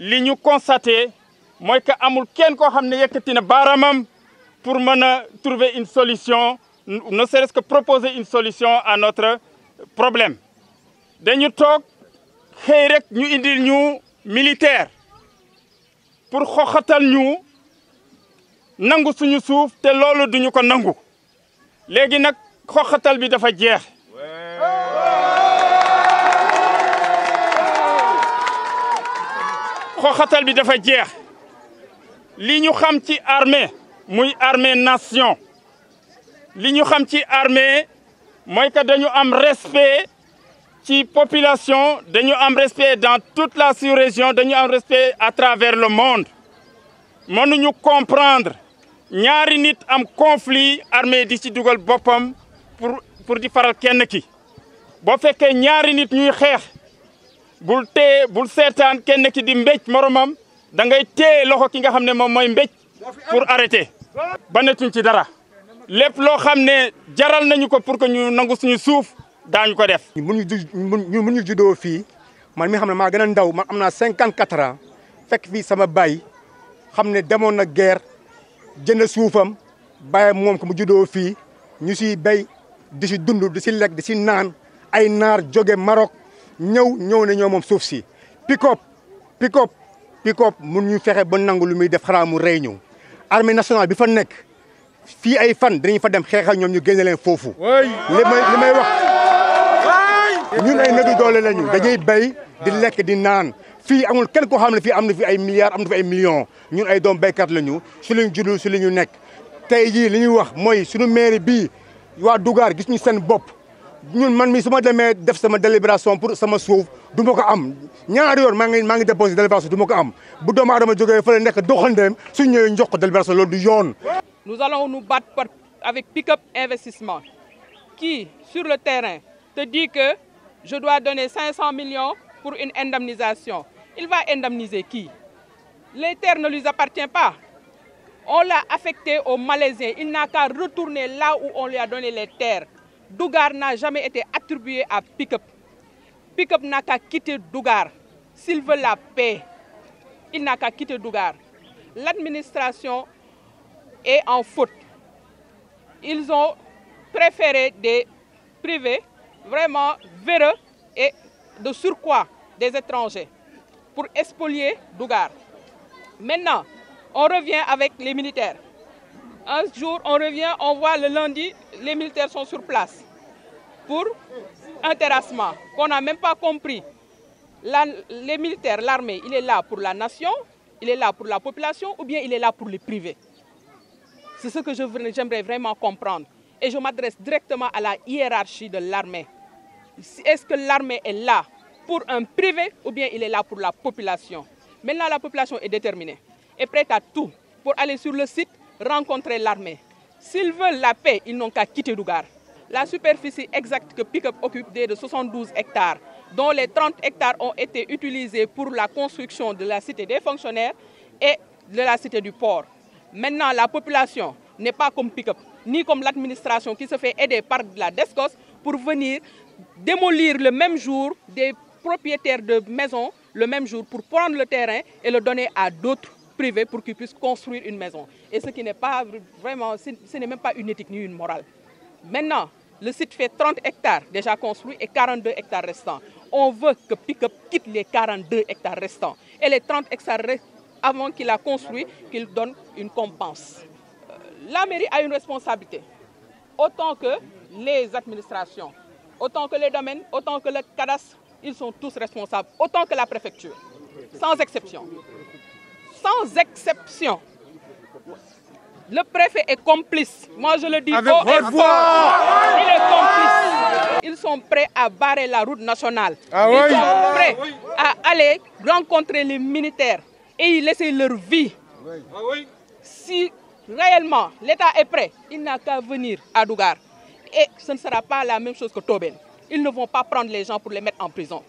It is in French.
li ñu constaté moy que amul kenn ko xamné ne na baramam pour mën trouver une solution ne serait-ce que proposer une solution à notre problème dañu tok xey rek ñu indil ñu militaire pour xoxatal ñu nangu suñu suuf té loolu duñu ko nangu légui nak xoxatal bi dafa jeex xoxatal bi dafa jeex li ñu xam ci armée muy armée nation li ñu xam ci armée mooy que dañu am respect ci population dañu am respect dans toute la sous-région dañu am respect à travers le monde mënuñu comprendre ñaari nit am conflit armée di ci dugal boppam pour pour di faral kenn ki bo fekkee ñaari nit ñuy xeex bul tee bul seetaan kenn ki di mbéj moromam da ngay téye loxo ki nga xam ne moom mooy mbéj pour arrêter. ba netuñ ci dara lépp loo xam ne jaral nañu ko pour que ñu nangu suñu suuf daañu ko def. ñu mun ñu mun ñu juddoo fii man mi xam ne maa gën a ndaw man am naa cinquante quatre ans fekk fii sama baay xam ne demoon na guerre jënd suufam bàyyam moom ko mu juddoo fii ñu siy bay di si dund di si lekk di si naan ay naar jóge Maroc. ñëw ñëw ne ñoo moom suuf si PICOP PICOP PICOP mun ñu fexe ba nangu lu muy def xanaa mu rey ñu armée nationale bi fa nekk fii ay fan dinañ fa dem xeexal ñoom ñu génne foofu li wax ñun ay néegu doole lañu dañuy béy di lekk di naan fii amul kenn koo xam ne fii am na fi ay milliards am na fi ay millions ñun ay doom béykat lañu su lañu juddul su li ñu nekk tey jii li ñuy wax mooy suñu mairie bii waa Dougar gis ñu seen bopp délibération pour délibération nous allons nous battre avec Pick-up Investissement qui sur le terrain te dit que je dois donner 500 millions pour une indemnisation il va indemniser qui les terres ne lui appartiennent pas on l'a affecté aux Malaisiens il n'a qu'à retourner là où on lui a donné les terres. Dougar n'a jamais été attribué à Pickup. Pickup n'a qu'à quitter Dougar. S'il veut la paix, il n'a qu'à quitter Dougar. L'administration est en faute. Ils ont préféré des privés vraiment véreux et de surcroît des étrangers pour espolier Dougar. Maintenant, on revient avec les militaires un jour, on revient, on voit le lundi, les militaires sont sur place pour un terrassement qu'on n'a même pas compris. les militaires, l'armée, il est là pour la nation, il est là pour la population ou bien il est là pour les privés. C'est ce que j'aimerais vraiment comprendre. Et je m'adresse directement à la hiérarchie de l'armée. Est-ce que l'armée est là pour un privé ou bien il est là pour la population Maintenant, la population est déterminée, est prête à tout pour aller sur le site rencontrer l'armée. S'ils veulent la paix, ils n'ont qu'à quitter Dougar. La superficie exacte que Pickup occupe est de 72 hectares, dont les 30 hectares ont été utilisés pour la construction de la cité des fonctionnaires et de la cité du port. Maintenant, la population n'est pas comme Pickup, ni comme l'administration qui se fait aider par la DESCOS pour venir démolir le même jour des propriétaires de maisons, le même jour, pour prendre le terrain et le donner à d'autres pour qu'ils puissent construire une maison. Et ce qui n'est pas vraiment, ce n'est même pas une éthique ni une morale. Maintenant, le site fait 30 hectares déjà construits et 42 hectares restants. On veut que Pickup quitte les 42 hectares restants. Et les 30 hectares avant qu'il a construit, qu'il donne une compense. Euh, la mairie a une responsabilité, autant que les administrations, autant que les domaines, autant que le cadastre, ils sont tous responsables, autant que la préfecture, sans exception sans exception. Le préfet est complice. Moi, je le dis haut et fort, Il est complice. Ils sont prêts à barrer la route nationale. Ah Ils sont prêts à aller rencontrer les militaires et y laisser leur vie. Ah si réellement l'État est prêt, il n'a qu'à venir à Dougar. Et ce ne sera pas la même chose que Tobin. Ils ne vont pas prendre les gens pour les mettre en prison.